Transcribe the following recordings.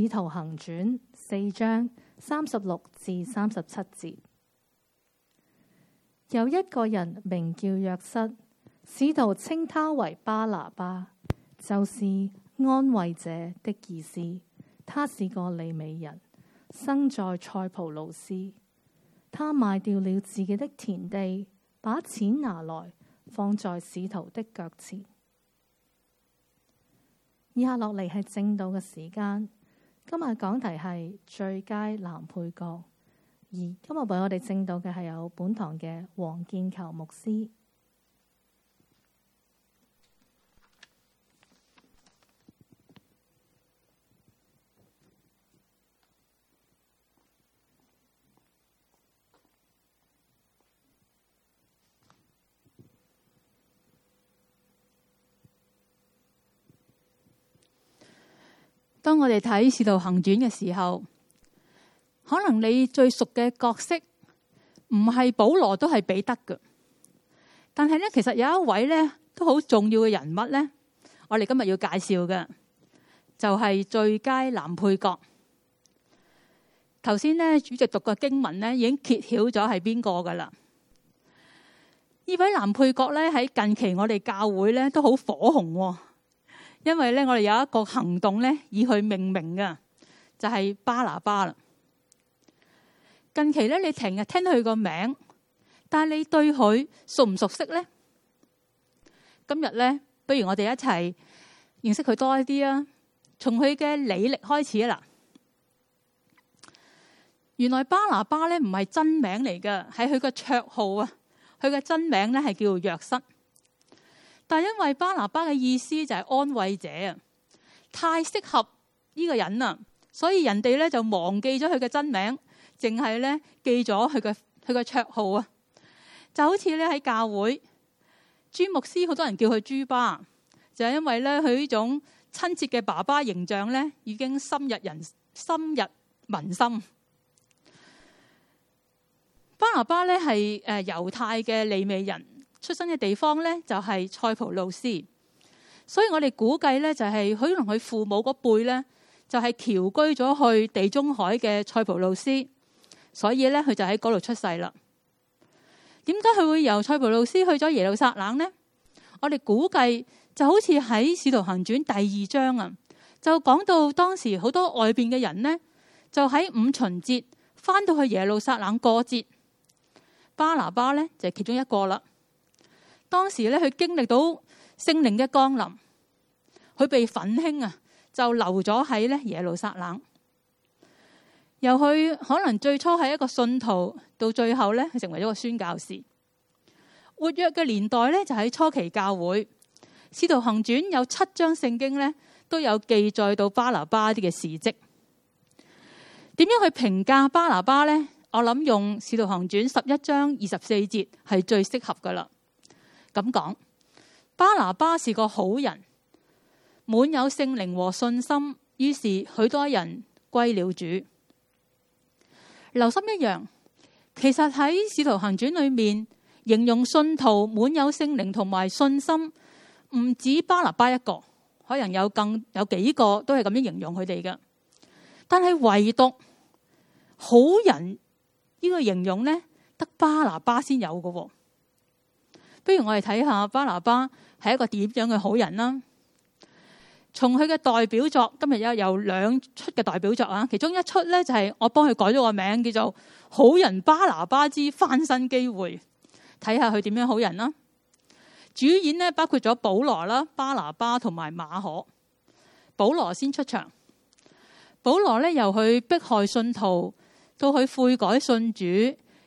使徒行傳四章三十六至三十七節，有一個人名叫約瑟，使徒稱他為巴拿巴，就是安慰者的意思。他是個利未人，生在塞浦路斯。他賣掉了自己的田地，把錢拿來放在使徒的腳前。以下落嚟係正道嘅時間。今日講題係最佳男配角，而今日為我哋證道嘅係有本堂嘅黃建球牧師。我哋睇《使徒行傳》嘅時候，可能你最熟嘅角色唔係保羅，都係彼得嘅。但係咧，其實有一位咧都好重要嘅人物咧，我哋今日要介紹嘅就係最佳男配角。頭先咧，主席讀嘅經文咧，已經揭曉咗係邊個噶啦？呢位男配角咧喺近期我哋教會咧都好火紅。因為咧，我哋有一個行動咧，以佢命名嘅，就係巴拿巴啦。近期咧，你成日聽佢個名，但係你對佢熟唔熟悉呢？今日咧，不如我哋一齊認識佢多一啲啊！從佢嘅履歷開始啦。原來巴拿巴咧唔係真名嚟嘅，係佢個綽號啊！佢嘅真名咧係叫約瑟。但係因為巴拿巴嘅意思就係安慰者啊，太適合呢個人啦，所以人哋咧就忘記咗佢嘅真名，淨係咧記咗佢嘅佢嘅綽號啊。就好似咧喺教會，朱牧師好多人叫佢朱巴，就係因為咧佢呢種親切嘅爸爸形象咧，已經深入人深入民心。巴拿巴咧係誒猶太嘅利未人。出生嘅地方呢，就係塞浦路斯，所以我哋估計呢，就係可能佢父母嗰輩呢，就係僑居咗去地中海嘅塞浦路斯，所以呢，佢就喺嗰度出世啦。點解佢會由塞浦路斯去咗耶路撒冷呢？我哋估計就好似喺《使徒行傳》第二章啊，就講到當時好多外邊嘅人呢，就喺五旬節翻到去耶路撒冷過節，巴拿巴呢，就係其中一個啦。當時咧，佢經歷到聖靈嘅降臨，佢被奮興啊，就留咗喺咧耶路撒冷。由佢可能最初係一個信徒，到最後咧，佢成為咗個宣教士。活躍嘅年代咧，就喺初期教會。使徒行傳有七章聖經咧，都有記載到巴拿巴啲嘅事蹟。點樣去評價巴拿巴呢？我諗用使徒行傳十一章二十四節係最適合㗎喇。咁講，巴拿巴是個好人，滿有聖靈和信心，於是許多人歸了主。留心一樣，其實喺《使徒行傳》裏面形容信徒滿有聖靈同埋信心，唔止巴拿巴一個，可能有更有幾個都係咁樣形容佢哋嘅。但係唯獨好人呢個形容呢，得巴拿巴先有嘅。不如我哋睇下巴拿巴係一個點樣嘅好人啦。從佢嘅代表作，今日有有兩出嘅代表作啊。其中一出呢，就係我幫佢改咗個名，叫做好人巴拿巴之翻身機會。睇下佢點樣好人啦。主演呢，包括咗保羅啦、巴拿巴同埋馬可。保羅先出場。保羅呢由佢迫害信徒，到佢悔改信主，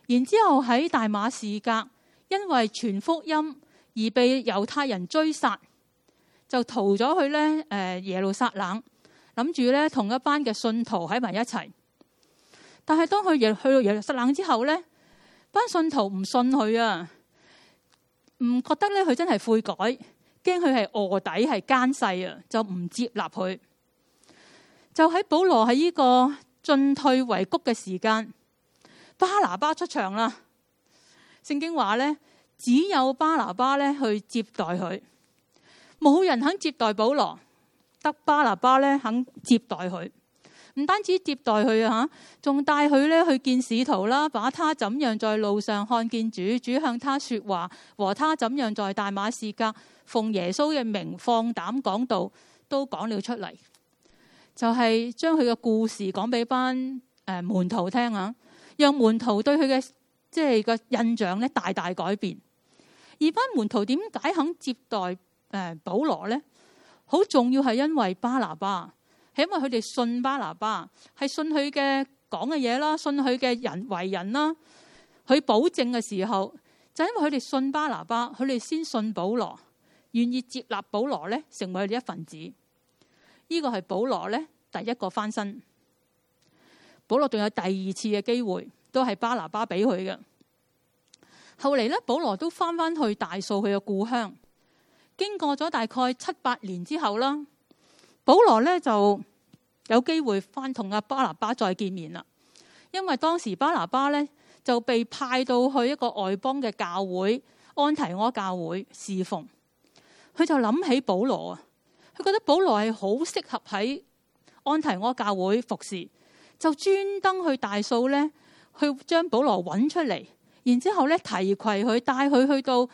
然之後喺大馬士革。因為傳福音而被猶太人追殺，就逃咗去咧誒耶路撒冷，諗住咧同一班嘅信徒喺埋一齊。但係當佢去到耶路撒冷之後咧，班信徒唔信佢啊，唔覺得咧佢真係悔改，驚佢係臥底係奸細啊，就唔接納佢。就喺保羅喺呢個進退維谷嘅時間，巴拿巴出場啦。聖經話咧，只有巴拿巴咧去接待佢，冇人肯接待保羅，得巴拿巴咧肯接待佢。唔單止接待佢啊，仲帶佢咧去見使徒啦，把他怎樣在路上看見主，主向他說話，和他怎樣在大馬士革奉耶穌嘅名放膽講道，都講了出來。就係、是、將佢嘅故事講俾班誒門徒聽啊，讓門徒對佢嘅。即係個印象咧大大改變，而班門徒點解肯接待誒保羅咧？好重要係因為巴拿巴，係因為佢哋信巴拿巴，係信佢嘅講嘅嘢啦，信佢嘅人為人啦。佢保證嘅時候，就因為佢哋信巴拿巴，佢哋先信保羅，願意接納保羅咧成為佢哋一份子。呢個係保羅咧第一個翻身，保羅仲有第二次嘅機會。都係巴拿巴俾佢嘅。後嚟咧，保羅都翻返去大數佢嘅故鄉，經過咗大概七八年之後啦。保羅咧就有機會翻同阿巴拿巴再見面啦。因為當時巴拿巴咧就被派到去一個外邦嘅教會，安提阿教會侍奉，佢就諗起保羅啊，佢覺得保羅係好適合喺安提阿教會服侍，就專登去大數咧。去將保羅揾出嚟，然之後咧提携佢，帶佢去到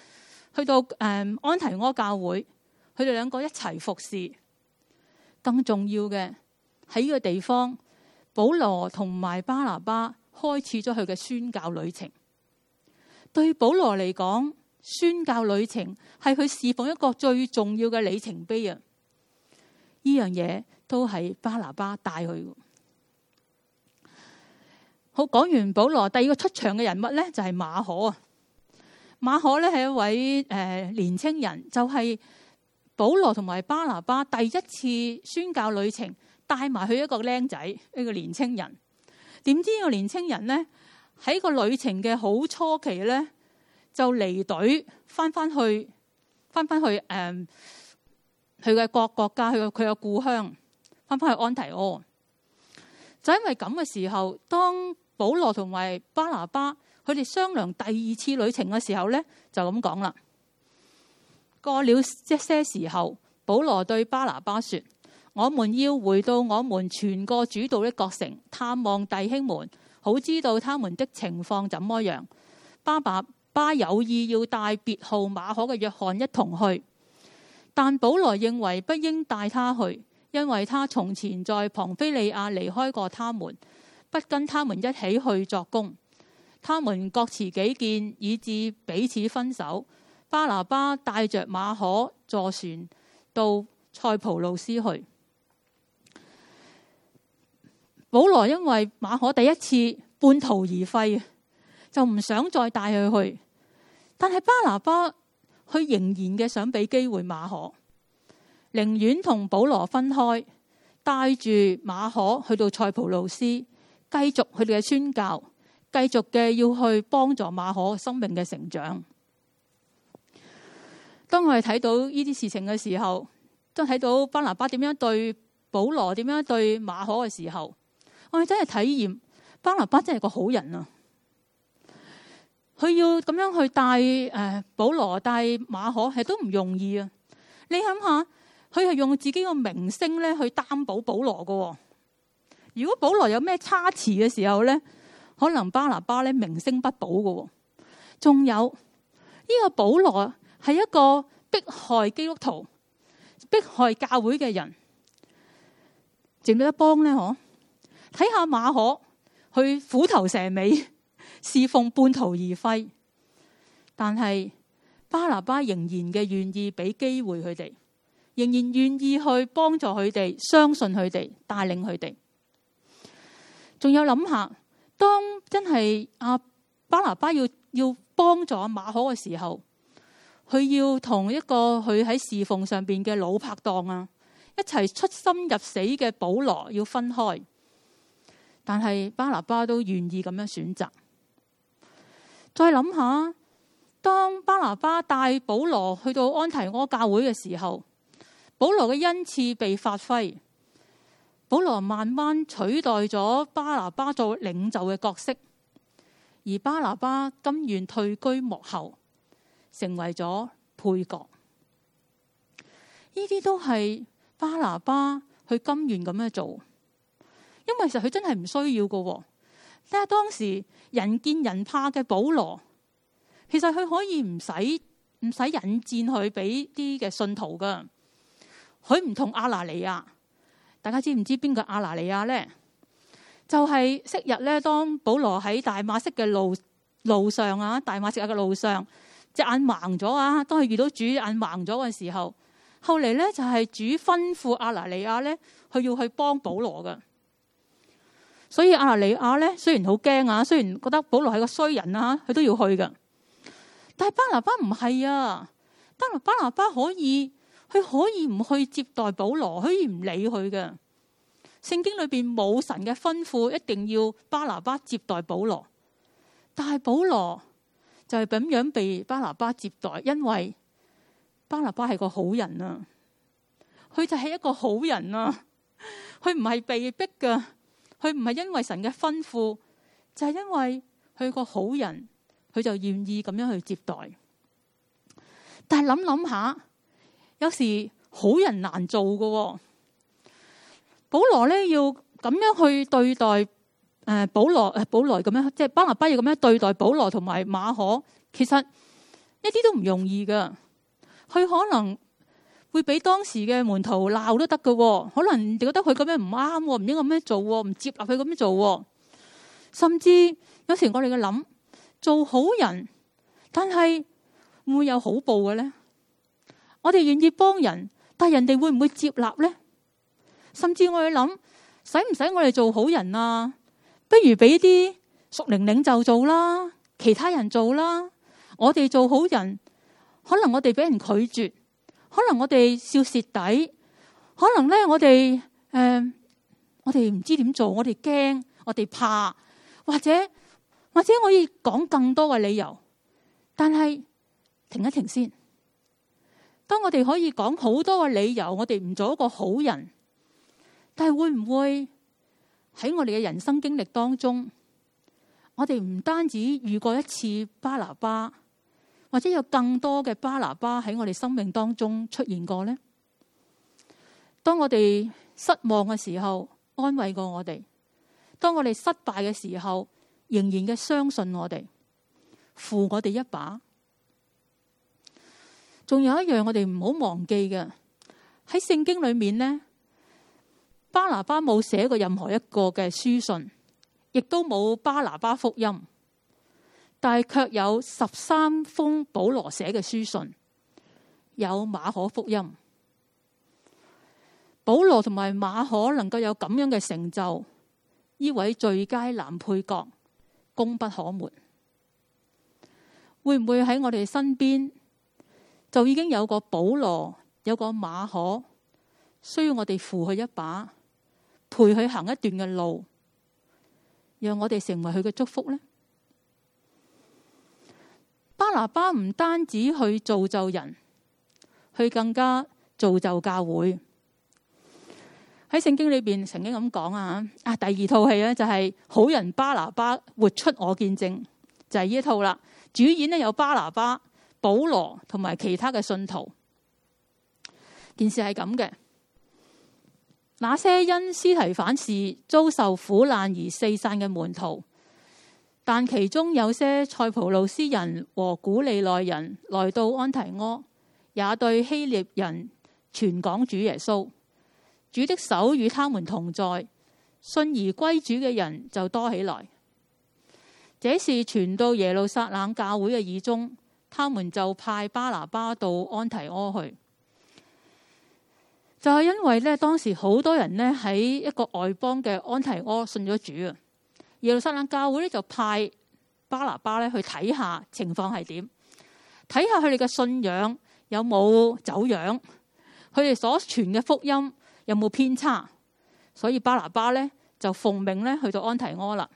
去到誒安提柯教會，佢哋兩個一齊服侍。更重要嘅喺呢個地方，保羅同埋巴拿巴開始咗佢嘅宣教旅程。對保羅嚟講，宣教旅程係佢侍奉一個最重要嘅里程碑啊！呢樣嘢都係巴拿巴帶佢。好，講完保羅，第二個出場嘅人物咧就係、是、馬可啊。馬可咧係一位誒、呃、年青人，就係、是、保羅同埋巴拿巴第一次宣教旅程帶埋去一個僆仔，一個年青人。點知呢個年青人咧喺個旅程嘅好初期咧就離隊，翻翻去翻翻去誒佢嘅國國家，去佢嘅故鄉，翻翻去安提阿。就因為咁嘅時候，當保羅同埋巴拿巴，佢哋商量第二次旅程嘅時候呢，就咁講啦。過了一些時候，保羅對巴拿巴說：我們要回到我們全個主道的各城，探望弟兄們，好知道他們的情況怎麼樣。巴拿巴有意要帶別號馬可嘅約翰一同去，但保羅認為不應帶他去，因為他從前在旁非利亞離開過他們。不跟他們一起去做工，他們各持己見，以致彼此分手。巴拿巴帶着馬可坐船到塞浦路斯去。保羅因為馬可第一次半途而廢，就唔想再帶佢去。但係巴拿巴，佢仍然嘅想俾機會馬可，寧願同保羅分開，帶住馬可去到塞浦路斯。繼續佢哋嘅宣教，繼續嘅要去幫助馬可生命嘅成長。當我哋睇到呢啲事情嘅時候，都睇到巴拿巴點樣對保羅，點樣對馬可嘅時候，我哋真係體驗巴拿巴真係個好人啊！佢要咁樣去帶誒保羅帶馬可，係都唔容易啊！你諗下，佢係用自己個名聲咧去擔保保羅噶。如果保羅有咩差池嘅時候咧，可能巴拿巴咧名聲不保噶。仲有呢，呢個保羅係一個迫害基督徒，迫害教會嘅人，做一幫咧？嗬？睇下馬可，佢虎頭蛇尾，侍奉半途而廢。但係巴拿巴仍然嘅願意俾機會佢哋，仍然願意去幫助佢哋，相信佢哋，帶領佢哋。仲有諗下，當真係阿巴拿巴要要幫助阿馬可嘅時候，佢要同一個佢喺侍奉上邊嘅老拍檔啊，一齊出生入死嘅保羅要分開，但係巴拿巴都願意咁樣選擇。再諗下，當巴拿巴帶保羅去到安提阿教會嘅時候，保羅嘅恩賜被發揮。保羅慢慢取代咗巴拿巴做領袖嘅角色，而巴拿巴甘願退居幕後，成為咗配角。呢啲都係巴拿巴去甘願咁樣做，因為其實佢真係唔需要噶。睇下當時人見人怕嘅保羅，其實佢可以唔使唔使引薦佢俾啲嘅信徒噶，佢唔同阿拿尼亞。大家知唔知邊個亞拿尼亞咧？就係、是、昔日咧，當保羅喺大馬色嘅路路上啊，大馬色嘅路上隻眼盲咗啊，當佢遇到主眼盲咗嘅時候，後嚟咧就係主吩咐亞拿尼亞咧，佢要去幫保羅噶。所以亞拿尼亞咧，雖然好驚啊，雖然覺得保羅係個衰人啊，佢都要去噶。但係巴拿巴唔係啊，巴拿巴拿巴可以。佢可以唔去接待保羅，可以唔理佢嘅。聖經裏邊冇神嘅吩咐，一定要巴拿巴接待保羅。但係保羅就係咁樣被巴拿巴接待，因為巴拿巴係個好人啊。佢就係一個好人啊，佢唔係被逼嘅，佢唔係因為神嘅吩咐，就係因為佢個好人，佢就願意咁樣去接待。但係諗諗下。有時好人難做嘅。哦，保羅咧要咁樣去對待誒、呃、保羅保萊咁樣，即係巴拿巴要咁樣對待保羅同埋馬可，其實一啲都唔容易嘅。佢可能會俾當時嘅門徒鬧都得嘅，可能你覺得佢咁樣唔啱，唔應該咁樣做，唔接納佢咁樣做。甚至有時我哋嘅諗做好人，但係會有好報嘅咧。我哋願意幫人，但人哋會唔會接納呢？甚至我去諗，使唔使我哋做好人啊？不如俾啲熟靈靈就做啦，其他人做啦。我哋做好人，可能我哋俾人拒絕，可能我哋笑蝕底，可能咧我哋誒、呃，我哋唔知點做，我哋驚，我哋怕，怕，或者或者我要講更多嘅理由。但係停一停先。當我哋可以講好多嘅理由，我哋唔做一個好人，但係會唔會喺我哋嘅人生經歷當中，我哋唔單止遇過一次巴拿巴，或者有更多嘅巴拿巴喺我哋生命當中出現過呢？當我哋失望嘅時候，安慰過我哋；當我哋失敗嘅時候，仍然嘅相信我哋，扶我哋一把。仲有一樣，我哋唔好忘記嘅，喺聖經裏面呢，巴拿巴冇寫過任何一個嘅書信，亦都冇巴拿巴福音，但係卻有十三封保羅寫嘅書信，有馬可福音，保羅同埋馬可能夠有咁樣嘅成就，呢位最佳男配角功不可沒，會唔會喺我哋身邊？就已經有個保羅，有個馬可，需要我哋扶佢一把，陪佢行一段嘅路，讓我哋成為佢嘅祝福呢，巴拿巴唔單止去造就人，去更加造就教會。喺聖經裏邊曾經咁講啊，啊第二套戲呢，就係好人巴拿巴活出我見證，就係呢一套啦。主演呢，有巴拿巴。保羅同埋其他嘅信徒，件事係咁嘅。那些因司提反事遭受苦難而四散嘅門徒，但其中有些塞浦路斯人和古利奈人來到安提阿，也對希臘人傳講主耶穌。主的手與他們同在，信而歸主嘅人就多起來。這是傳到耶路撒冷教會嘅耳中。他們就派巴拿巴到安提阿去，就係因為咧，當時好多人咧喺一個外邦嘅安提阿信咗主啊。耶路撒冷教會咧就派巴拿巴咧去睇下情況係點，睇下佢哋嘅信仰有冇走樣，佢哋所傳嘅福音有冇偏差，所以巴拿巴咧就奉命咧去到安提阿啦。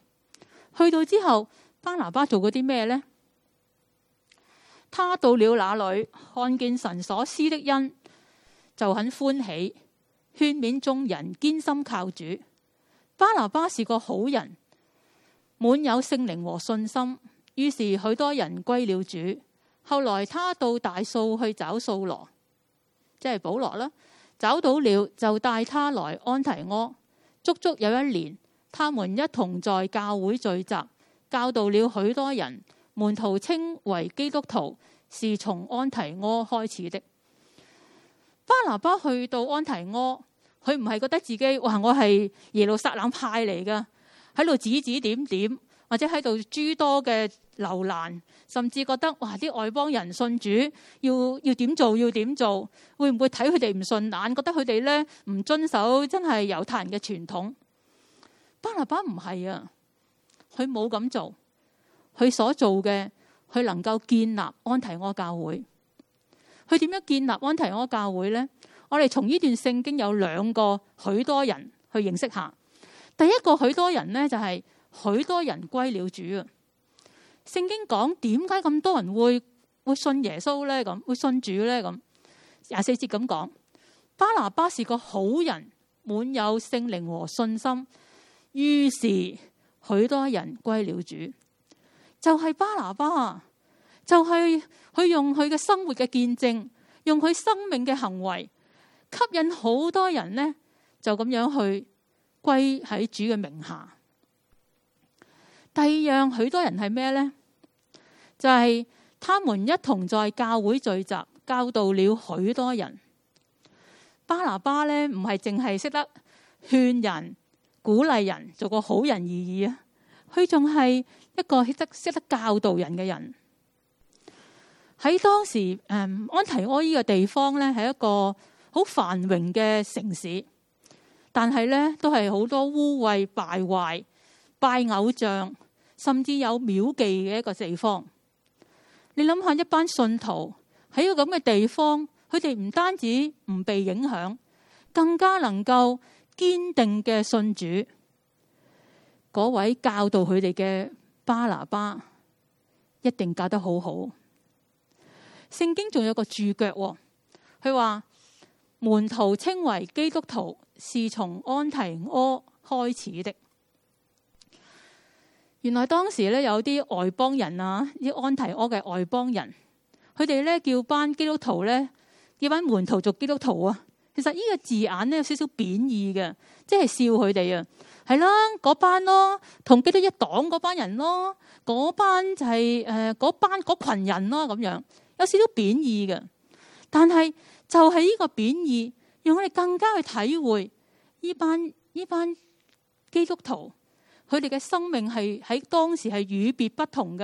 去到之後，巴拿巴做過啲咩咧？他到了那裏，看見神所施的恩，就很歡喜，勸勉眾人堅心靠主。巴拿巴是個好人，滿有聖靈和信心，於是許多人歸了主。後來他到大數去找掃羅，即係保羅啦，找到了就帶他來安提阿。足足有一年，他們一同在教會聚集，教導了許多人。門徒稱為基督徒是從安提阿開始的。巴拿巴去到安提阿，佢唔係覺得自己，哇，我係耶路撒冷派嚟㗎，喺度指指點點，或者喺度諸多嘅留難，甚至覺得哇，啲外邦人信主要要點做要點做，會唔會睇佢哋唔順眼，覺得佢哋呢唔遵守真係猶太人嘅傳統？巴拿巴唔係啊，佢冇咁做。佢所做嘅，佢能夠建立安提阿教會。佢點樣建立安提阿教會呢？我哋從呢段聖經有兩個許多人去認識下。第一個許多人呢，就係許多人歸了主。聖經講點解咁多人會會信耶穌呢？咁會信主呢？咁廿四節咁講。巴拿巴是個好人，滿有聖靈和信心，於是許多人歸了主。就係巴拿巴啊！就係佢用佢嘅生活嘅見證，用佢生命嘅行為吸引好多人呢，就咁樣去歸喺主嘅名下。第二樣，許多人係咩呢？就係他們一同在教會聚集，教導了許多人。巴拿巴咧，唔係淨係識得勸人、鼓勵人，做個好人而已啊！佢仲係。一個識得識得教導人嘅人喺當時，誒，安提阿呢個地方咧，係一個好繁榮嘅城市，但係咧都係好多污穢敗壞拜偶像，甚至有廟妓嘅一個地方。你諗下，一班信徒喺個咁嘅地方，佢哋唔單止唔被影響，更加能夠堅定嘅信主，嗰位教導佢哋嘅。巴拿巴一定教得好好。聖經仲有個注腳，佢話門徒稱為基督徒，是從安提阿開始的。原來當時咧有啲外邦人啊，啲安提阿嘅外邦人，佢哋咧叫班基督徒咧，叫班門徒做基督徒啊。其實呢個字眼咧，有少少貶義嘅，即係笑佢哋啊。係啦，嗰班咯，同基督一黨嗰班人咯，嗰班就係誒嗰班嗰群人咯，咁樣有少少貶義嘅。但係就係、是、呢個貶義，讓我哋更加去體會呢班呢班基督徒，佢哋嘅生命係喺當時係與別不同嘅。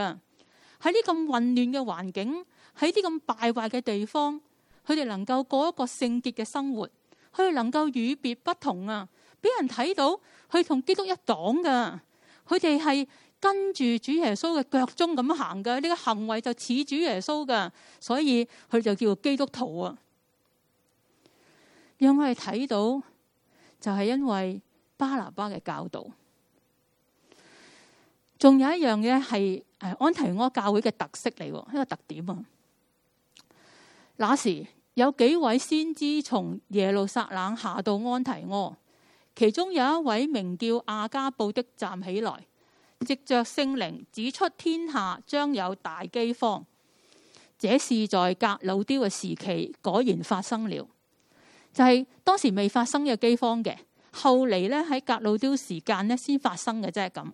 喺呢咁混亂嘅環境，喺啲咁敗壞嘅地方，佢哋能夠過一個聖潔嘅生活，佢哋能夠與別不同啊！俾人睇到佢同基督一黨噶，佢哋係跟住主耶穌嘅腳蹤咁行嘅。呢、這個行為就似主耶穌噶，所以佢哋就叫基督徒啊。讓我哋睇到就係、是、因為巴拿巴嘅教導，仲有一樣嘢係誒安提阿教會嘅特色嚟，一個特點啊。那時有幾位先知從耶路撒冷下到安提阿。其中有一位名叫阿加布的站起來，藉着聖靈指出天下將有大饑荒。這是在格老丟嘅時期，果然發生了。就係、是、當時未發生嘅饑荒嘅，後嚟咧喺格老丟時間咧先發生嘅，啫，咁。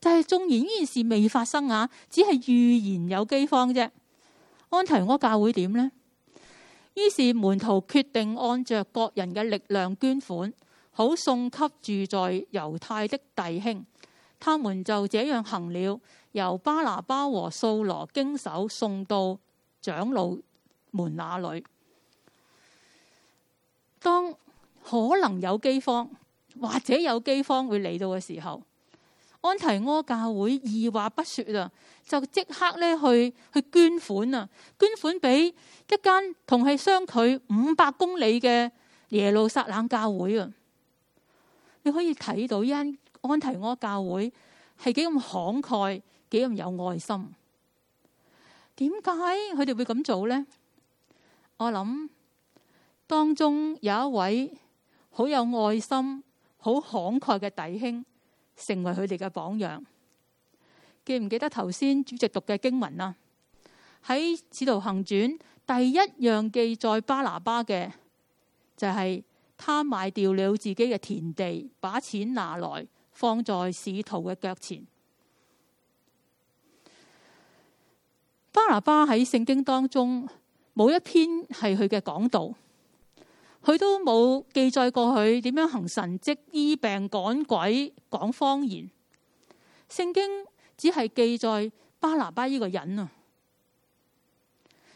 就係縱然呢件事未發生啊，只係預言有饑荒啫。安提阿教會點咧？於是門徒決定按着各人嘅力量捐款。好，送給住在猶太的弟兄，他們就這樣行了。由巴拿巴和掃羅經手送到長老們那裏。當可能有饑荒或者有饑荒會嚟到嘅時候，安提阿教會二話不說啊，就即刻咧去去捐款啊，捐款俾一間同係相距五百公里嘅耶路撒冷教會啊。你可以睇到呢間安提哥教會係幾咁慷慨，幾咁有愛心。點解佢哋會咁做呢？我諗當中有一位好有愛心、好慷慨嘅弟兄，成為佢哋嘅榜樣。記唔記得頭先主席讀嘅經文啊？喺使徒行傳第一樣記載巴拿巴嘅就係、是。他賣掉了自己嘅田地，把錢拿來放在使徒嘅腳前。巴拿巴喺聖經當中冇一篇係佢嘅講道，佢都冇記載過佢點樣行神跡、醫病、趕鬼、講方言。聖經只係記載巴拿巴呢個人啊，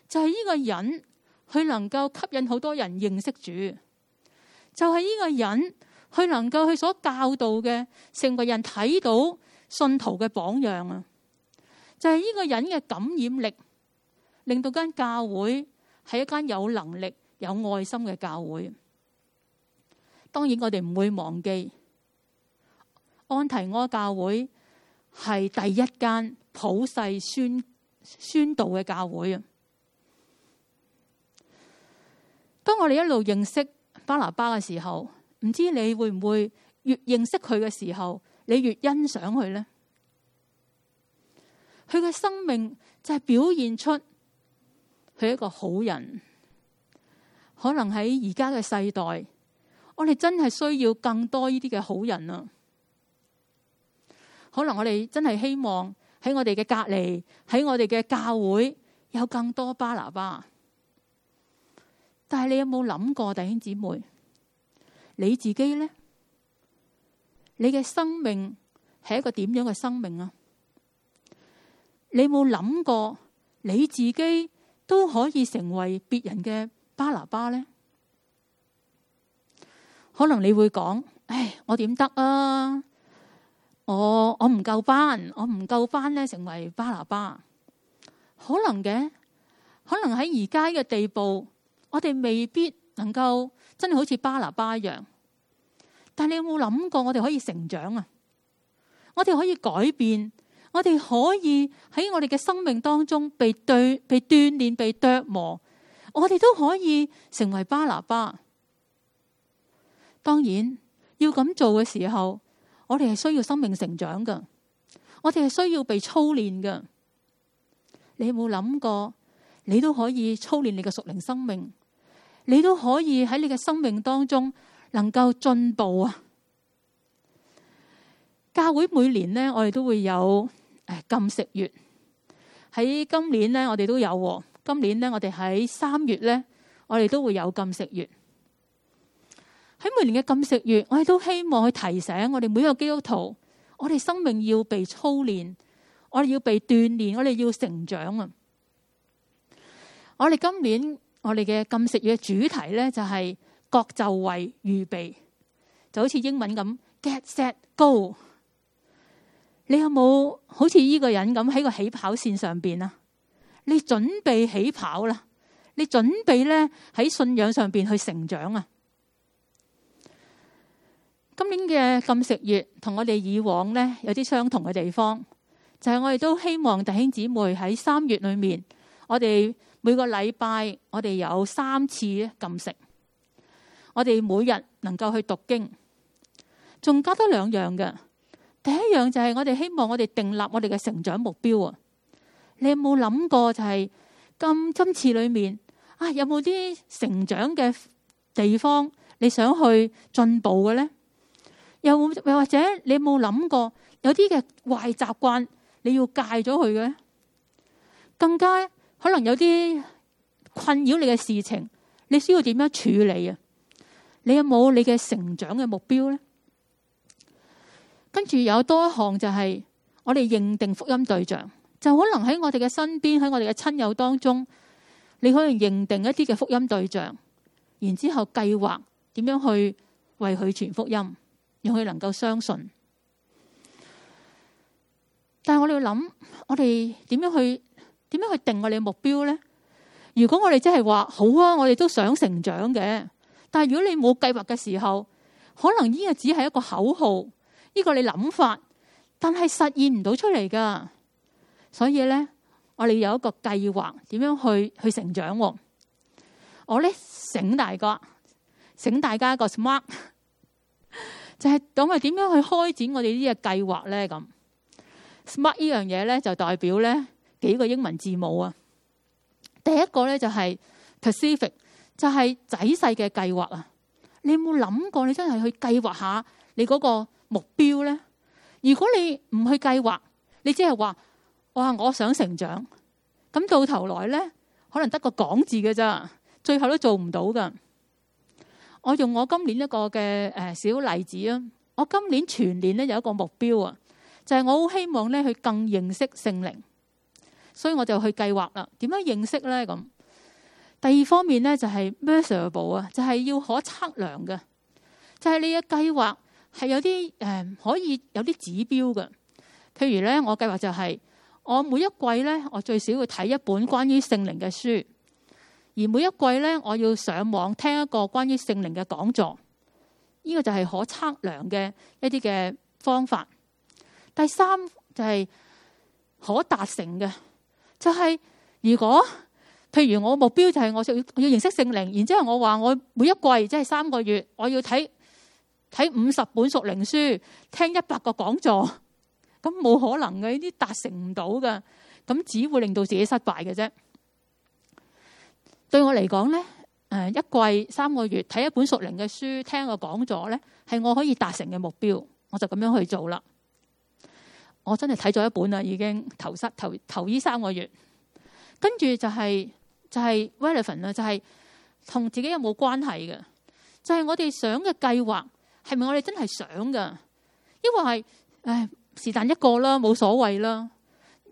就係呢個人，佢、就是、能夠吸引好多人認識主。就係呢個人，佢能夠佢所教導嘅，成為人睇到信徒嘅榜樣啊！就係呢個人嘅感染力，令到間教會係一間有能力、有愛心嘅教會。當然，我哋唔會忘記安提阿教會係第一間普世宣宣道嘅教會啊！當我哋一路認識。巴拿巴嘅時候，唔知你會唔會越認識佢嘅時候，你越欣賞佢呢？佢嘅生命就係表現出佢一個好人。可能喺而家嘅世代，我哋真係需要更多呢啲嘅好人啊！可能我哋真係希望喺我哋嘅隔籬，喺我哋嘅教會有更多巴拿巴。但係，你有冇諗過弟兄姊妹？你自己呢？你嘅生命係一個點樣嘅生命啊？你冇諗過你自己都可以成為別人嘅巴拿巴呢？可能你會講：「唉，我點得啊？我我唔夠班，我唔夠班呢。」成為巴拿巴可能嘅，可能喺而家嘅地步。我哋未必能夠真係好似巴拿巴一樣，但你有冇諗過我哋可以成長啊？我哋可以改變，我哋可以喺我哋嘅生命當中被對被鍛煉被琢磨，我哋都可以成為巴拿巴。當然要咁做嘅時候，我哋係需要生命成長噶，我哋係需要被操練噶。你有冇諗過，你都可以操練你嘅屬靈生命？你都可以喺你嘅生命當中能夠進步啊！教會每年呢，我哋都會有禁食月。喺今年呢，我哋都有。今年呢，我哋喺三月呢，我哋都會有禁食月。喺每年嘅禁食月，我哋都希望去提醒我哋每個基督徒，我哋生命要被操練，我哋要被鍛煉，我哋要成長啊！我哋今年。我哋嘅禁食月嘅主題咧就係各就位，預備，就好似英文咁，get set go。你有冇好似呢個人咁喺個起跑線上邊啊？你準備起跑啦，你準備咧喺信仰上邊去成長啊！今年嘅禁食月同我哋以往咧有啲相同嘅地方，就係我哋都希望弟兄姊妹喺三月裏面，我哋。每個禮拜我哋有三次禁食，我哋每日能夠去讀經，仲加多兩樣嘅。第一樣就係我哋希望我哋訂立我哋嘅成長目標啊！你有冇諗過就係咁今次裏面啊，有冇啲成長嘅地方你想去進步嘅咧？又又或者你有冇諗過有啲嘅壞習慣你要戒咗佢嘅？更加。可能有啲困擾你嘅事情，你需要點樣處理啊？你有冇你嘅成長嘅目標呢？跟住有多一項就係我哋認定福音對象，就可能喺我哋嘅身邊，喺我哋嘅親友當中，你可以認定一啲嘅福音對象，然之後計劃點樣去為佢傳福音，讓佢能夠相信。但係我哋要諗，我哋點樣去？點樣去定我哋嘅目標咧？如果我哋真係話好啊，我哋都想成長嘅。但係如果你冇計劃嘅時候，可能呢個只係一個口號，呢個你諗法，但係實現唔到出嚟噶。所以咧，我哋有一個計劃，點樣去去成長？我咧醒大家，醒大家一個 smart，就係咁啊。點樣去開展我哋呢個計劃咧？咁 smart 呢樣嘢咧，就代表咧。幾個英文字母啊？第一個咧就係 Specific，就係仔細嘅計劃啊。你有冇諗過？你真係去計劃下你嗰個目標咧？如果你唔去計劃，你只係話哇，我想成長，咁到頭來咧，可能得個講字嘅咋，最後都做唔到噶我用我今年一個嘅誒小例子啊，我今年全年咧有一個目標啊，就係我好希望咧去更認識聖靈。所以我就去計劃啦。點樣認識呢？咁第二方面呢，就係 measurable 啊，就係要可測量嘅，就係你嘅計劃係有啲誒可以有啲指標嘅。譬如呢、就是，我計劃就係我每一季呢，我最少要睇一本關於聖靈嘅書，而每一季呢，我要上網聽一個關於聖靈嘅講座。呢、這個就係可測量嘅一啲嘅方法。第三就係可達成嘅。就係、是、如果譬如我的目標就係我要要認識聖靈，然之後我話我每一季即係、就是、三個月，我要睇睇五十本熟靈書，聽一百個講座，咁冇可能嘅，呢啲達成唔到嘅，咁只會令到自己失敗嘅啫。對我嚟講呢，誒，一季三個月睇一本熟靈嘅書，聽個講座呢，係我可以達成嘅目標，我就咁樣去做啦。我真係睇咗一本啦，已經頭失頭頭依三個月，跟住就係就係 relevant 啦，就係、是、同自己有冇關係嘅，就係、是、我哋想嘅計劃係咪我哋真係想噶？因為係唉，是但一個啦，冇所謂啦。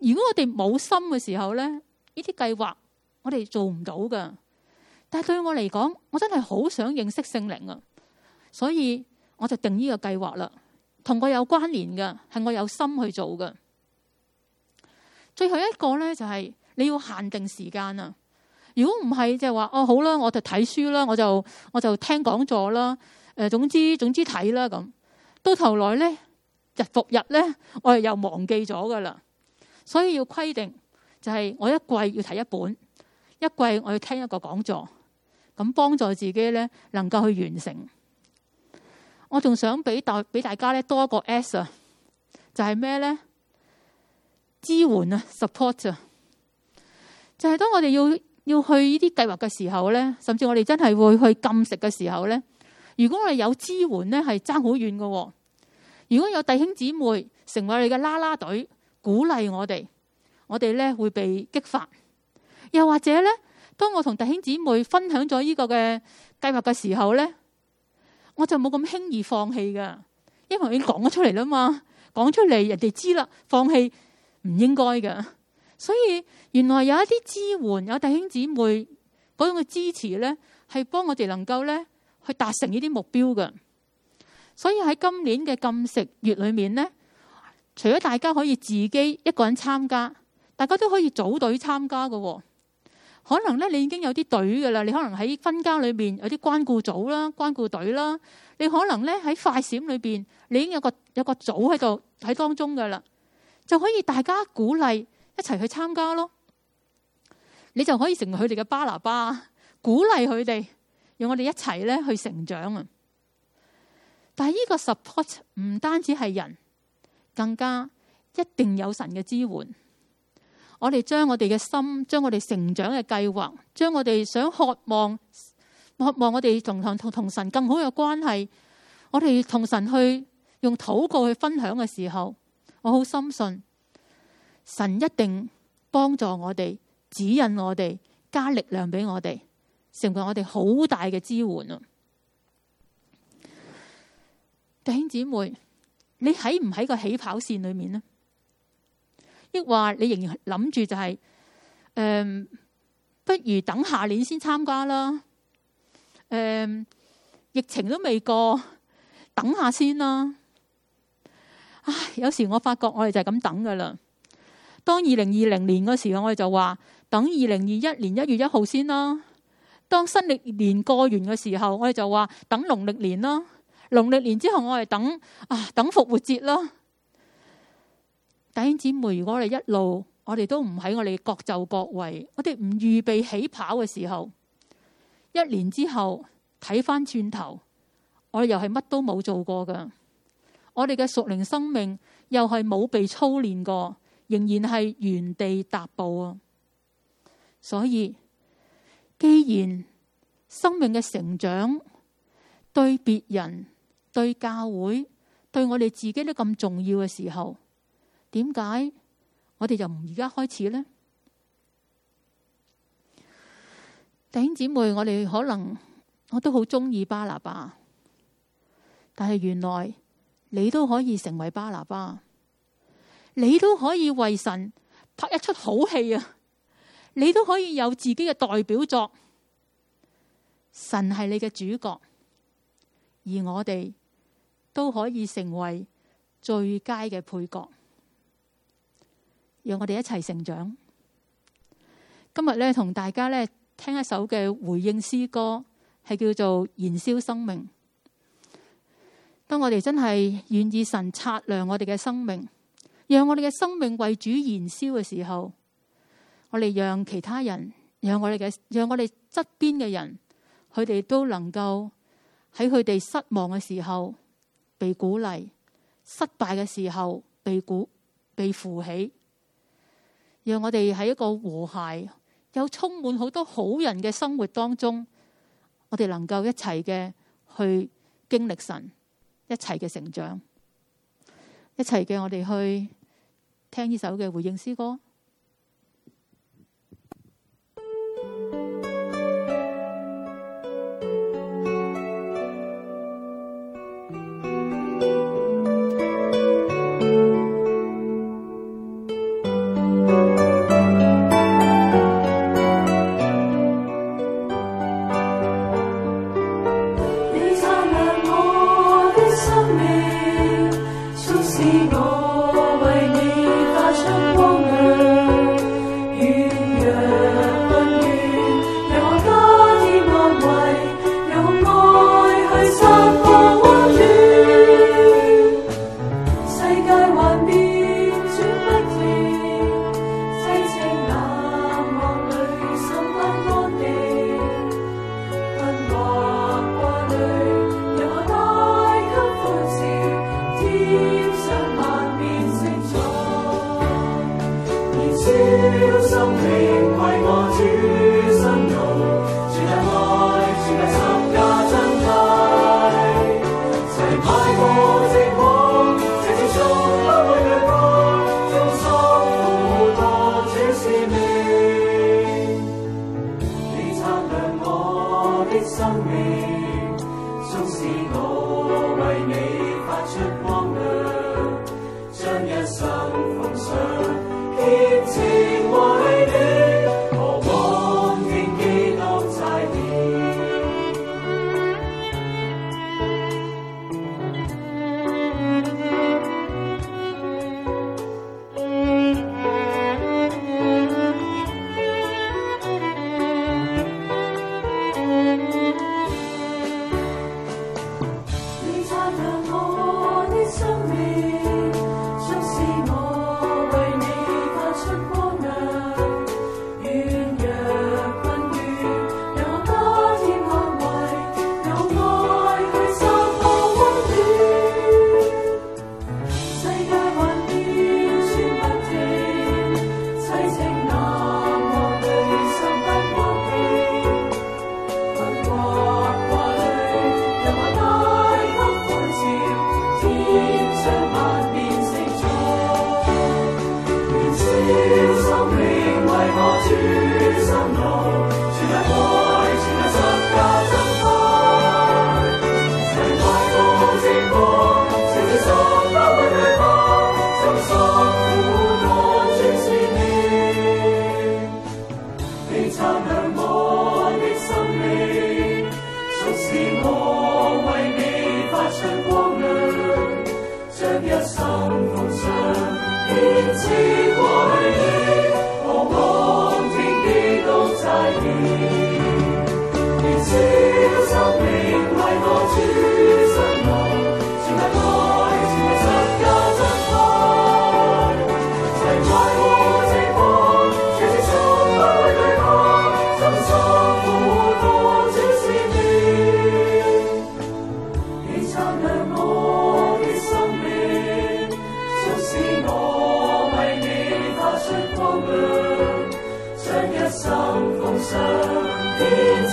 如果我哋冇心嘅時候咧，呢啲計劃我哋做唔到噶。但係對我嚟講，我真係好想認識聖靈啊，所以我就定呢個計劃啦。同我有關聯嘅，係我有心去做嘅。最後一個咧就係你要限定時間啊！如果唔係，就係話哦好啦，我就睇書啦，我就我就聽講座啦，誒、呃、總之總之睇啦咁。到頭來咧，日復日咧，我哋又忘記咗噶啦。所以要規定，就係我一季要睇一本，一季我要聽一個講座，咁幫助自己咧能夠去完成。我仲想俾大俾大家咧多一個 s s 啊，就係咩咧？支援啊 support 啊，就係當我哋要要去呢啲計劃嘅時候咧，甚至我哋真係會去禁食嘅時候咧，如果我哋有支援咧，係爭好遠嘅。如果有弟兄姊妹成為你嘅啦啦隊，鼓勵我哋，我哋咧會被激發。又或者咧，當我同弟兄姊妹分享咗呢個嘅計劃嘅時候咧。我就冇咁輕易放棄㗎，因為你講咗出嚟啦嘛，講出嚟人哋知啦，放棄唔應該㗎。所以原來有一啲支援，有弟兄姊妹嗰種嘅支持呢，係幫我哋能夠呢去達成呢啲目標㗎。所以喺今年嘅禁食月裏面呢，除咗大家可以自己一個人參加，大家都可以組隊參加㗎喎。可能咧，你已經有啲隊嘅啦。你可能喺分交裏邊有啲關顧組啦、關顧隊啦。你可能咧喺快閃裏邊，你已經有個有個組喺度喺當中嘅啦，就可以大家鼓勵一齊去參加咯。你就可以成為佢哋嘅巴拿巴，鼓勵佢哋，讓我哋一齊咧去成長啊！但係呢個 support 唔單止係人，更加一定有神嘅支援。我哋將我哋嘅心，將我哋成長嘅計劃，將我哋想渴望、渴望我哋同同神更好嘅關係，我哋同神去用禱告去分享嘅時候，我好深信神一定幫助我哋、指引我哋、加力量俾我哋，成為我哋好大嘅支援啊！弟兄姊妹，你喺唔喺個起跑線裏面呢？抑或你仍然諗住就係，誒，不如等下年先參加啦。誒，疫情都未過，等下先啦。唉，有時我發覺我哋就係咁等噶啦。當二零二零年嘅時候，我哋就話等二零二一年一月一號先啦。當新曆年過完嘅時候，我哋就話等農曆年囉。農曆年之後，我哋等啊，等復活節囉。弟兄姊妹，如果我哋一路我哋都唔喺我哋各就各位，我哋唔預備起跑嘅時候，一年之後睇翻轉頭，我哋又係乜都冇做過嘅，我哋嘅屬靈生命又係冇被操練過，仍然係原地踏步啊。所以，既然生命嘅成長對別人、對教會、對我哋自己都咁重要嘅時候，點解我哋就唔而家開始呢？弟兄姊妹，我哋可能我都好中意巴拿巴，但係原來你都可以成為巴拿巴，你都可以為神拍一出好戲啊！你都可以有自己嘅代表作，神係你嘅主角，而我哋都可以成為最佳嘅配角。讓我哋一齊成長。今日咧，同大家咧聽一首嘅回應詩歌，係叫做《燃燒生命》。當我哋真係願意神擦亮我哋嘅生命，讓我哋嘅生命為主燃燒嘅時候，我哋讓其他人，讓我哋嘅，讓我哋側邊嘅人，佢哋都能夠喺佢哋失望嘅時候被鼓勵，失敗嘅時候被鼓被扶起。讓我哋在一個和諧、又充滿好多好人嘅生活當中，我哋能夠一齊嘅去經歷神，一齊嘅成長，一齊嘅我哋去聽呢首嘅回應詩歌。天，天，天，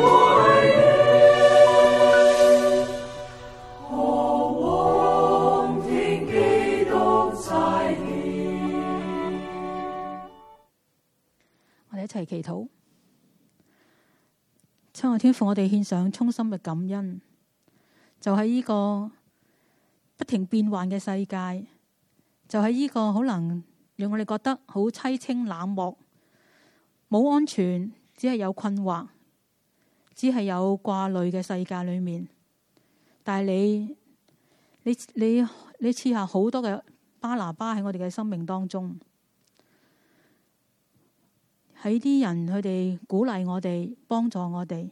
我哋一齊祈禱，天父，我哋獻上衷心嘅感恩。就喺、是、呢個不停變幻嘅世界，就喺、是、呢個可能令我哋覺得好凄清冷漠，冇安全，只係有困惑，只係有掛累嘅世界裏面。但係你你你你設下好多嘅巴拿巴喺我哋嘅生命當中，喺啲人佢哋鼓勵我哋，幫助我哋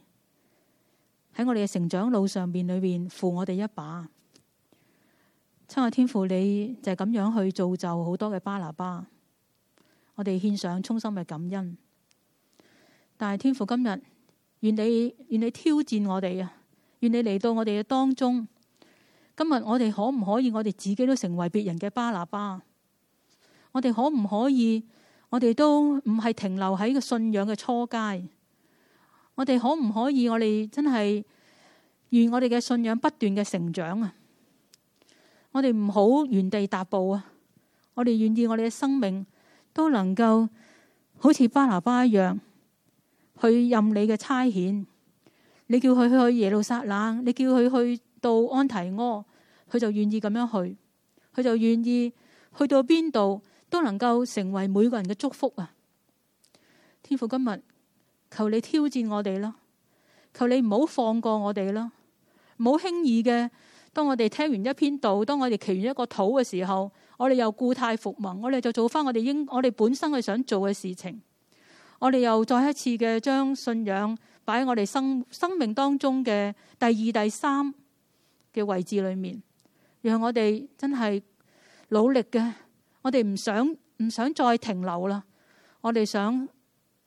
喺我哋嘅成長路上面裏面，扶我哋一把。親愛天父，你就係咁樣去造就好多嘅巴拿巴，我哋獻上衷心嘅感恩。但係天父，今日願你願你挑戰我哋啊！願你嚟到我哋嘅當中。今日我哋可唔可以，我哋自己都成為別人嘅巴拿巴？我哋可唔可以我不，我哋都唔係停留喺個信仰嘅初階？我哋可唔可以，我哋真係願我哋嘅信仰不斷嘅成長啊！我哋唔好原地踏步啊！我哋願意我哋嘅生命都能夠好似巴拿巴一樣。去任你嘅差遣，你叫佢去去耶路撒冷，你叫佢去到安提阿，佢就願意咁樣去，佢就願意去到邊度都能夠成為每個人嘅祝福啊！天父今日求你挑戰我哋咯，求你唔好放過我哋咯，唔好輕易嘅。當我哋聽完一篇道，當我哋祈完一個土嘅時候，我哋又故態復萌，我哋就做翻我哋應我哋本身去想做嘅事情。我哋又再一次嘅將信仰擺喺我哋生生命當中嘅第二、第三嘅位置裏面，讓我哋真係努力嘅。我哋唔想唔想再停留啦。我哋想，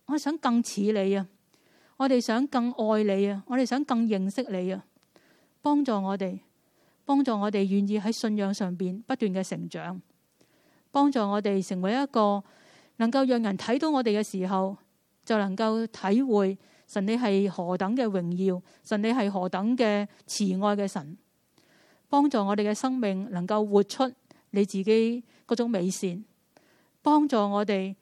我想更似你啊！我哋想更愛你啊！我哋想更認識你啊！幫助我哋，幫助我哋願意喺信仰上面不斷嘅成長，幫助我哋成為一個。能夠讓人睇到我哋嘅時候，就能夠體會神你係何等嘅榮耀，神你係何等嘅慈愛嘅神，幫助我哋嘅生命能夠活出你自己嗰種美善。幫助我哋，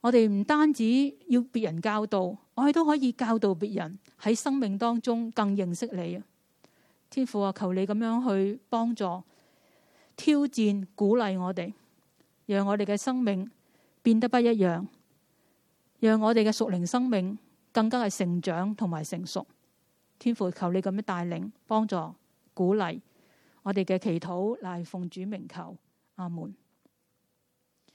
我哋唔單止要別人教導，我哋都可以教導別人喺生命當中更認識你。天父啊，我求你咁樣去幫助、挑戰、鼓勵我哋，讓我哋嘅生命。變得不一樣，讓我哋嘅屬靈生命更加係成長同埋成熟。天父求你咁樣帶領、幫助、鼓勵我哋嘅祈禱，乃奉主名求，阿門。